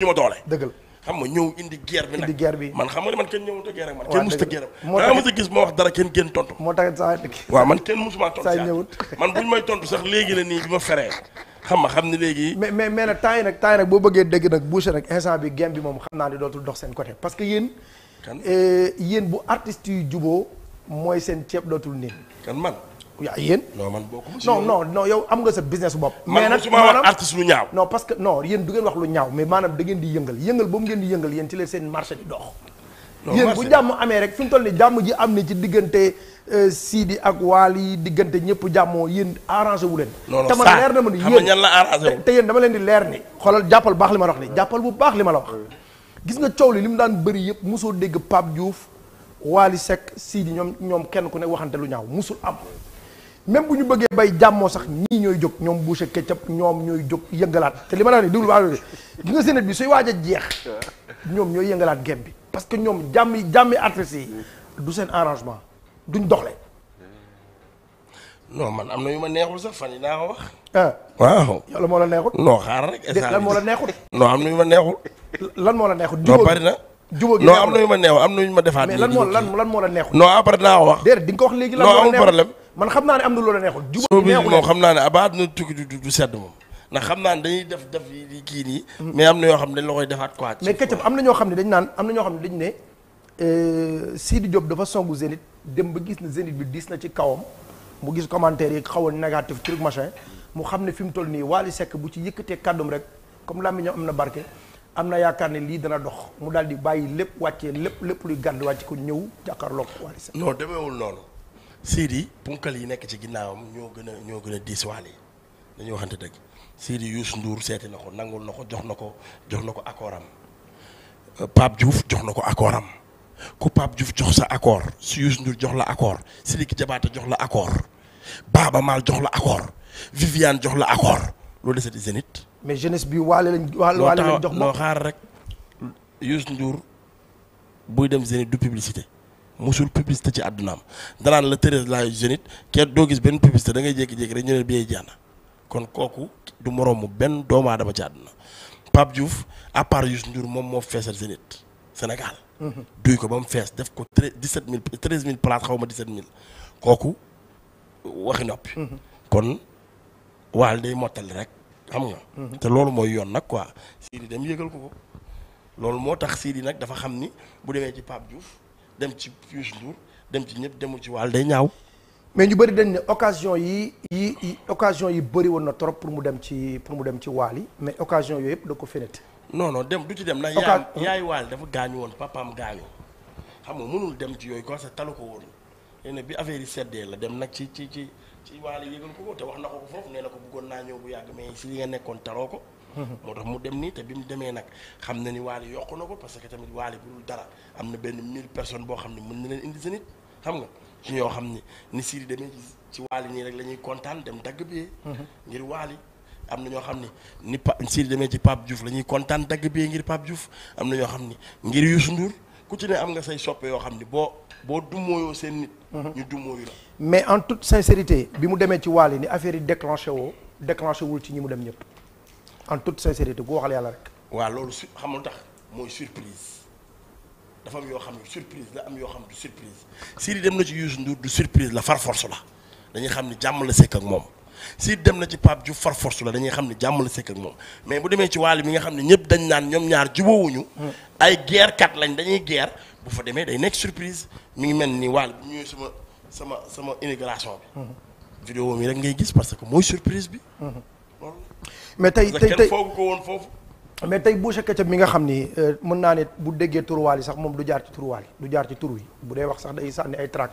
ñu ma doole dëgg la xam ma ñëw indi guerre bi nag bi man xam nga ne man kenn ñëwut a guerre ak man kenn musta guerre daa mos a gis ma wax dara kenn génn tontu moo tax saa dëkk waaw man kenn musuma tontu saa ñëwut man buñ may tontu sax léegi la nii bi ma feree xam nga xam ne léegi mais mais mais nag temps yi nag temps nag boo bëggee dégg nag bouché nag instant bi game bi moom xam naa ne dootul dox seen côté parce que yéen eh, yéen bu artistes yu juboo mooy seen ceeb lootul nii kan man yaa yéen. non man bokkuma non non non yow am nga sa business bopp. mais nag maanaam artiste lu ñaaw. non parce que non yéen du ngeen wax lu ñaaw mais maanaam da di yëngal yëngal boobu ngeen di yëngal yéen ci leen seen marché di dox. yéen bu jàmm amee rek fi toll nii jàmm ji am na ci diggante euh, Sidi ak Wally diggante ñëpp jàmmoo yéen arrangé wu leen. te man leer na ma ni yéen ñan la arrangé te yéen dama leen di leer ni. xoolal jàppal baax li ma la wax ni jàppal bu baax li ma la daan bëri yëpp mosoo dégg Pape Diouf Wally Seck ñoom ñoom kenn ku ne waxante lu ñaaw musul am même bu ñu bëggee bay jàmmoo sax ñii ñooy jóg ñoom boucher ketchup ñoom ñooy jóg yëngalaat te li ma naa wax nii déglu bi suy waaj jeex ñoom ñooy yëngalaat gem bi parce que ñoom jàmmi jàmmi artistes yi du seen arrangement duñ doxle non man am na ñu ma neexul sax fan yi naa ko wax. ah waaw. yow lan moo la neexul. non moo la neexul. non am na yu ma neexul. lan moo la neexul. jubóo bari na. jubóo gi non am na yu ma defaat. lan moo lan lan moo la neexul. non après naa ko wax. léegi lan moo la neexul man xam naa ne am na loolu neexul. jubóo neexul moom xam naa ne abaat na tukki du du sedd moom. ndax xam naa ne dañuy def def yi kii nii. mais am na yoo xam ne dañ la koy defaat quoi. mais Ketchup am na ñoo xam ne dañ naan am na ñoo xam ne dañ ne euh, Sidi Diop dafa songu Zénith dem ba gis na Zénith bi diis na ci kawam mu gis commentaire yi xaw a négatif truc machin mu xam ne fi mu toll nii Wally sekk bu ci yëkkatee kàddum rek comme làmmiñam am na barke am na yaakaar ne lii dana dox mu daal di bàyyi lépp wàccee lépp lépp luy gàdd wàcc ko ñëw jàkkaarloog Wally Seck. non demeewul noonu. Sidi punkal yi nekk ci ginnaawam ñoo gën a ñoo gën a diiswaale dañuy waxante dëgg Sidi Youssou Ndour seeti na ko nangul na ko jox na ko jox na ko accord am Pape jox na ko accord am ku Pape Diouf jox sa accord si Youssou Ndour jox la accord Sidiki Diabaté jox la accord Baaba Maal jox la accord Viviane jox la accord loolu desati Zénith. mais jeunesse bi waale lañ. waale lañ jox ma loo xaar rek Youssou Ndour buy dem Zénith du publicité. mosul publicité ci àddunaam danaan la Thérèse la jeunite kenn doo gis benn publicité da ngay jékki-jékki rek ñu ne bii jaana kon kooku du moroomu benn doomu aadama ci àdduna Pape juuf à part Youssou moom moo feesal Zénith Sénégal. Mhm. duy ko ba mu fees def ko tre 17000 13000 places xaw ma 17000 kooku waxi noppi. Mhm. kon waal day mottali rek xam nga. Mhm. te loolu mooy yoon nag quoi. Sidi dem yëgal ko ko loolu moo tax Sidi nag dafa xam ni bu demee ci Pape Diouf. dem ci Youssou Ndour dem ci ñëpp demul ci waal day ñaaw. mais ñu bëri dañ ne occasion yi yi occasion yi bëri woon na trop pour mu dem ci pour ci waal yi mais occasion yooyu yëpp da ko fenêtre. non dem du ci dem. nag yaay yaay waal dafa gaañu woon papaam gaañu xam nga mënul dem ci yooyu commencé talu ko woon léegi nag bi affaire yi seddee la dem nag ci ci ci ci waal yi yëgal ko ko te wax na ko ko foofu nee na ko bëggoon naa ñëw bu yàgg mais si li nga nekkoon taloo ko. moo tax mu dem nii te bi mu demee nag xam na ni waali yokku na ko parce que tamit waali bu dara am na benn mille personnes boo xam ne mën na leen indi sa nit xam nga ci ñoo xam ne ni Sidy demee ci waali nii rek la ñuy kontaan dem dagg bi mhm. ngir waali am na ñoo xam ne ni pa demee ci Pape Diouf la ñuy kontaan dagg bi ngir Pape Diouf am na ñoo xam ne ngir Youssou Ndour ku am nga say soppe yoo xam ne boo boo dumóoyoo seen mhm. ñu dumóoyu la mais en toute sincérité bi mu demee ci waali ni affaire yi déclenché woo déclenché wul ci ñi mu dem ñëpp en toute sincérité gu waxal yàlla rek. waaw loolu su xamul tax mooy surprise dafa am yoo xam ne surprise la am yoo xam du surprise Sidi dem na ci Youssou Ndour du surprise la far force la dañuy xam ni jàmm la sekk ak moom Sidi dem na ci Pape Diouf far force la dañuy xam ni jàmm la moom mais bu demee ci wàll bi nga xam ne ñëpp dañ naan ñoom ñaar jubóowuñu ay guerre kat lañ dañuy guerre bu fa demee day nekk surprise mi ngi mel ni wàll bu ñëwee sama sama sama immigration bi mhm. vidéo mi rek ngay gis parce que mooy surprise bi mhm. mais tey tey tey foogu ko woon foofu mais tey Boucher Ketchup mi nga xam ni euh, mën naa ne bu déggee turuwaal yi sax moom du jaar ci turuwaal yi du jaar ci tur wi bu dee wax sax day sànni ay track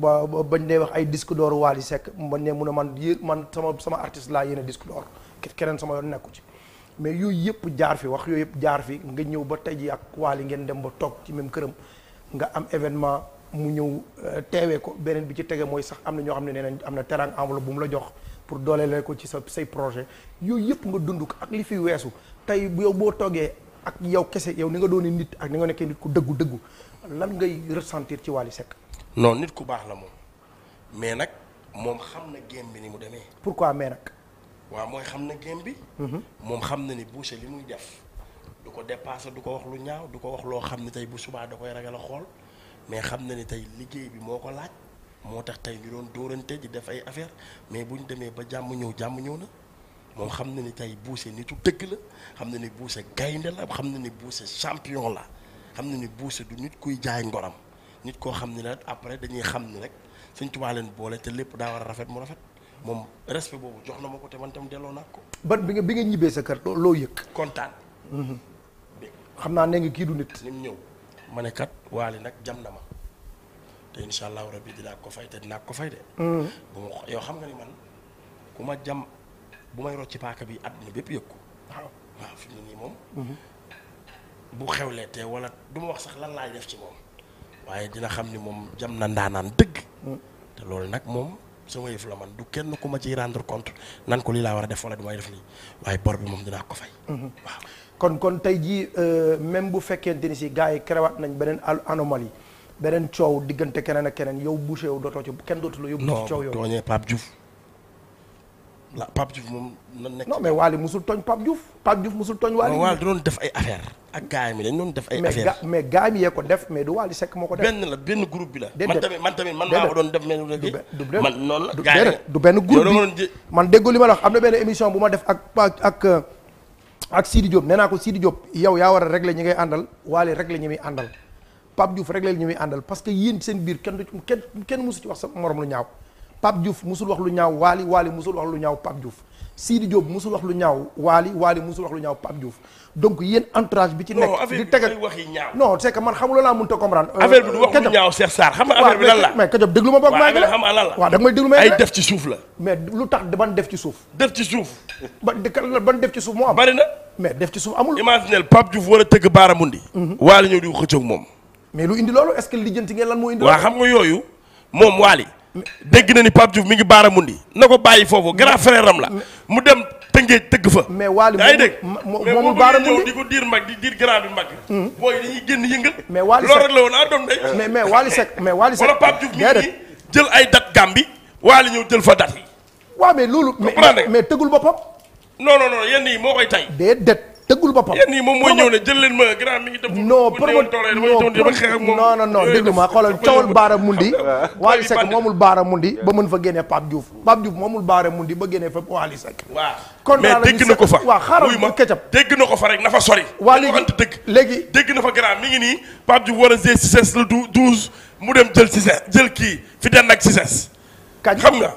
ba bañ dee wax ay disque d'or waal yi man ne mun a man yé man sama sama artiste laa yéene disque d'or keneen sama yoon nekku ci mais yooyu yëpp jaar fi wax yooyu yëpp jaar fi nga ñëw ba tey ji ak Wally ngeen dem ba toog ci même këram nga am événement mu ñëw euh, teewee ko beneen bi ci tege mooy sax am na ñoo xam ne nee nañ am na terang enveloppe bu mu la jox pour dooleel ko ci sa say projet yooyu yëpp nga dund ko ak li fi weesu tey yow boo toogee ak yow kese yow ni nga doone nit ak ni nga nekkee nit ku dëggu dëggu lan ngay resentir ci Wally Seck noonu nit ku baax la moom mais nag moom xam na game bi ni mu demee pourquoi mais nag waaw mooy xam na game bi mm-hmm. moom xam na ni Boucher li muy def du ko dépasser du ko wax lu ñaaw du ko wax loo xam ne tey bu subaa da koy ragal a xool mais xam na ni tey liggéey bi moo ko laaj moo tax tey ñu doon dóorante di def ay affaire mais bu ñu demee ba jàmm ñëw jàmm ñëw na moom xam na ni tey Boucher nitu dëgg la xam na ni Boucher gaynde la xam na ni Boucher champion la xam na ni Boucher du nit kuy jaay ngoram nit koo xam ne nag après dañuy xam ni rek suñ tubaa leen boole te lépp daa war a rafet mu rafet moom respect boobu jox na ma ko te man tam delloo naa ko. bi nga bi nga ñibbee sa kër loo yëg. kontaan. Mhm. xam naa ne nga kii du nit. ni mu ñëw. ma ne kat waali nag jam na ma te incha allahu rabbi dinaa ko fay te dinaa ko fay de. Mm. bu xam nga ni man ku ma jam bu may rocci paaka bi àdduna bépp yëg ko waaw waaw fi ne nii moom. Mm-hmm. bu xewlee te wala du ma wax sax lan laay def ci moom waaye dina xam ni moom jam na ndaanaan dëgg. Mm. te loolu nag moom. sama yëf la man du kenn ku ma ciy rendre compte nan ko lii laa war a def wala du may def lii waaye bor bi moom dinaa ko fay. Mhm. waaw kon kon tey jii euh, même bu fekkee ni si gars yi créwaat nañ beneen anomalie beneen coow diggante keneen ak keneen yow boucher yow dootoo ci kenn dootu la yóbbu. ci coow yow non la Pape Diouf moom nan nekk. non mais Waly musul tooñ Pape Diouf Pape Diouf musul tooñ. Waly Waly da doon def ay affaire ak gaay mi dañ doon def ay affaire mais gaay mi yee ko def mais du Waly ko def. benn la benn groupe la. man tamit man tamit man maa ko doon def. man noonu la gaay du benn groupe am na benn émission bu ma def ak ak ak euh, Sidi Diop nee naa ko Sidi yaa war a régler ñi ngay àndal Waly régler ñi muy àndal Pape Diouf régler ñi muy parce que yéen seen biir kenn du kenn kenn musu ci wax sa morom lu ñaaw Pape Diouf musul wax lu ñaaw Waly Waly musul wax lu ñaaw Pape Diouf Sidi Diop musul wax lu ñaaw Waly Waly musul wax lu ñaaw Pape Diouf donc yéen entourage bi ci nekk di teg ak non c'est que man xamuloo laa mënta comprendre euh, affaire bi du wax lu ñaaw Cheikh Sarr xam nga affaire bi lan la mais Kajob déglu ma boog maa ngi la xam lan la waaw da nga may déglu ma ay def ci suuf la mais lu tax ban def ci suuf def ci suuf ba ban def ci suuf moo am bari na mais def ci suuf amul imaginel Pape Diouf war a tëgg baaramundi mhm. Waly ñëw di ko xëccoog moom mais lu indi loolu est-ce que lijjanti ngeen lan moo indi loolu waa xam nga yooyu moom Waly dégg na ni Pape Diouf mi ngi baara mundi na ko bàyyi foofu grand frère am la mu dem tëngee tëgg fa. mais waali yaa ngi dégg moomu baara di ko diir mag di diir grand bi mag. Hmm. booy dañuy génn yëngal. mais waali Seck loolu rek la woon ah doom day. mais mais waali Seck mais waali Seck. wala Pape Diouf mi ngi jël ay date Gàmbi jël fa date yi. waaw mais loolu. mais mais tëggul boppam. non non non yenn yi moo koy tay. déedéet. tëggul boppam. yéen ñii moom mooy ñëw ne jël leen ma grand mi ngi def. non pour non non non déglu ma xoolal coowul Baara Mundi. Waly Seck moomul Baara Mundi ba mën fa génnee Pape Diouf Pape Diouf moomul Baara Mundi ba génnee fa Waly Seck. waaw kon mais dégg na ko fa. waaw xaaral ma këcap dégg na ko fa rek na fa sori. waa léegi dëgg léegi dégg na fa grand mi ngi nii Pape Diouf war a jël Cissé le douze mu dem jël Cissé jël kii fi den ak Cissé. kañ xam nga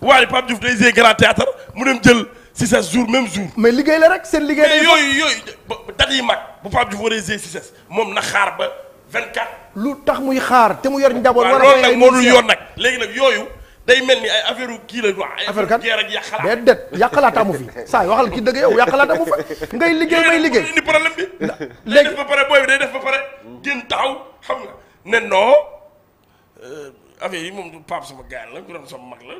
waaye Pape Diouf day jël grand théâtre mu dem jël Cissesse jour même jour. mais liggéey la rek seen liggéey. mais yooyu yooyu ba dat yi mag bu Pape Diouf waree Zé Cissesse moom na xaar ba 24. lu tax muy xaar te mu yor njaboot. war a loolu nag moo dul yoon nag léegi nag yooyu. day mel ni ay affaire kii la quoi. affaire kan déedéet yàqalaat amu fi saa yi waxal ki dëgg yow yàqalaat amu fi ngay liggéey may liggéey indi problème bi. léegi day def ba pare booy bi day def ba pare gën taxaw ne non. Euh, affaire yi moom du paap sama gaal la ku doon sama mag la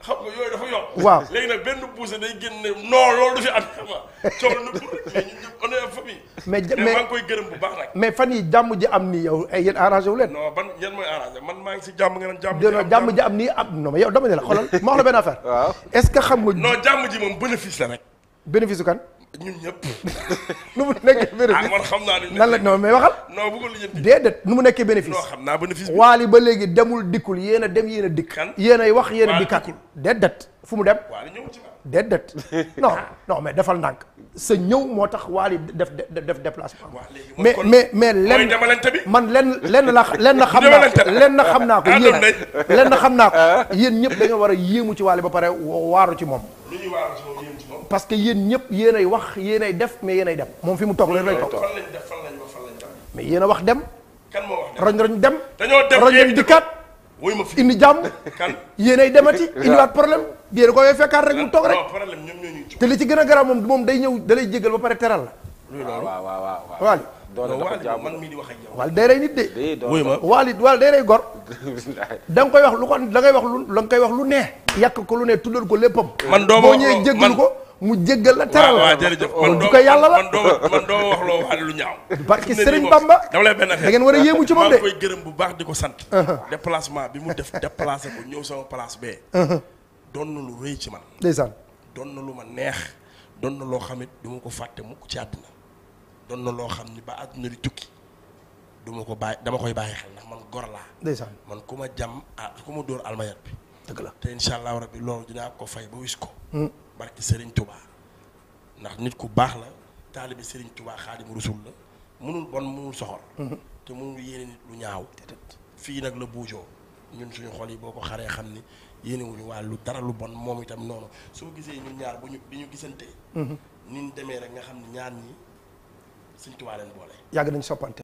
xam nga yooyu dafa yomb. waaw léegi nag benn buuse day génn non loolu du fi am xam nga coono na pour rek mais ñun ñëpp on est en famille. mais mais maa ngi koy gërëm bu baax nag. mais fan yi jàmm ji am nii yow ay yéen arrangé wu leen. non ban yan mooy arrangé man maa ngi si jàmm nga naan jàmm. ji am jàmm ji am nii am non mais yow dama ne la xoolal ma wax la benn affaire. waaw est ce que xam nga. non jàmm ji moom bénéfice la rek. bénéfice su kan. ñun ñëpp. nu mu nekkee bénéfice ah, man naa ne. la non mais waxal. non bëggul lijjanti. nu mu nekkee bénéfice. non xam naa bénéfice bi. waali ba léegi demul dikkul yéen a dem yéen dikk. kan yéen ay wax yéen a dikkaat. déedéet fu mu dem. waali ñëw ci déedéet non non mais defal ndànk sa ñëw moo tax waali def def déplacement. mais mais mais lenn man lenn lenn la lenn xam naa lenn xam naa ko yéen lenn xam naa ko yéen ñëpp da war a yéemu ci waali ba pare waaru ci waaru ci moom parce que yéen ñëpp yéen wax yéen ay def mais yéen ay dem moom fi mu toog leen lay toog. fan lañ def fan dem. mais yéen a wax dem. roñ roñ dem. dañoo indi jàmm. kan yéen ay demati. waaw indiwaat problème yéen a ko fekkaat rek mu toog rek. non problème ñoom ñoo ñuy te li ci gën a garaaw moom moom day ñëw da lay jégal ba pare teral la. waaw waaw man mii di wax ak yow. waaw day rey nit de. wuy ma day rey gor. da koy wax lu ko da ngay wax lu la nga wax lu ne. yàq ko lu ne tuddal ko léppam. man doo ma boo ñëwee jéggal ko. mu jéggal la teral la jërëjëf man du ko yàlla la man doo man doo wax loo waale lu ñaaw barki Serigne Bamba dama lay benn da ngeen war ci moom de gërëm bu baax di ko sant uh-huh. déplacement bi mu def déplacé ko ñëw sama place bee uh-huh. doon na lu rëy ci man ndeysaan doon na lu ma neex doon na loo xam it du ma ko fàtte mukk ci àdduna doon na loo xam ni ba àdduna di tukki du ma ko bàyyi dama koy bàyyi xel ndax man gor laa ndeysaan man ku ma jàmm a ah, ku ma dóor almayat bi dëgg la te incha allahu rabbi loolu dinaa ko fay ba wis ko hmm. barki Serigne Touba ndax nit ku baax la taalibi Serigne Touba xaadimu rusul la mënul bon mënul soxor. Mhm. te mënul yéene nit lu ñaaw. fii nag la buujoo ñun suñu xol yi boo ko xaree xam ni yéene wuñu waa lu dara lu bon moom itam noonu soo gisee ñun ñaar bu ñu bi ñu gisantee. Mhm. ni demee rek nga xam ne ñaar ñi Serigne Touba leen boole.